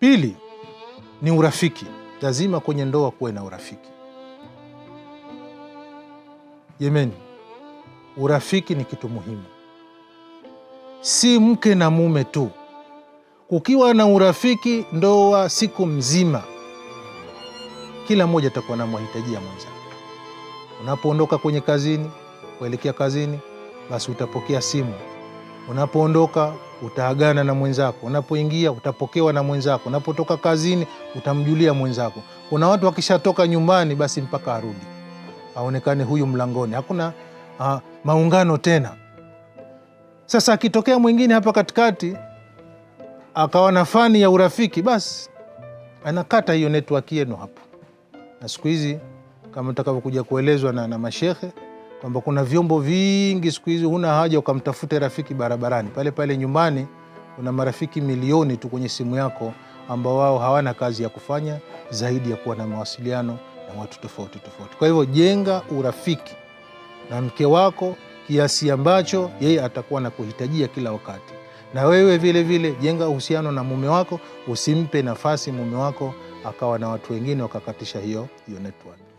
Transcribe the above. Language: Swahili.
Pili ni urafiki. Lazima kwenye ndoa kuwe na urafiki. Jemeni, urafiki ni kitu muhimu, si mke na mume tu. Kukiwa na urafiki ndoa, siku mzima kila mmoja atakuwa na mahitaji ya mwenzake. Unapoondoka kwenye kazini kuelekea kazini, basi utapokea simu Unapoondoka utaagana na mwenzako, unapoingia utapokewa na mwenzako, unapotoka kazini utamjulia mwenzako. Kuna watu wakishatoka nyumbani, basi mpaka arudi aonekane huyu mlangoni, hakuna uh, maungano tena. Sasa akitokea mwingine hapa katikati akawa na fani ya urafiki, basi anakata hiyo network yenu hapo. Na siku hizi kama utakavyokuja kuelezwa na, na mashehe kwamba kuna vyombo vingi siku hizi, huna haja ukamtafute rafiki barabarani. Pale pale nyumbani kuna marafiki milioni tu kwenye simu yako, ambao wao hawana kazi ya kufanya zaidi ya kuwa na mawasiliano na watu tofauti tofauti. Kwa hivyo jenga urafiki na mke wako kiasi ambacho yeye atakuwa na kuhitajia kila wakati, na wewe vile vile jenga uhusiano na mume wako. Usimpe nafasi mume wako akawa na watu wengine wakakatisha hiyo hiyo network.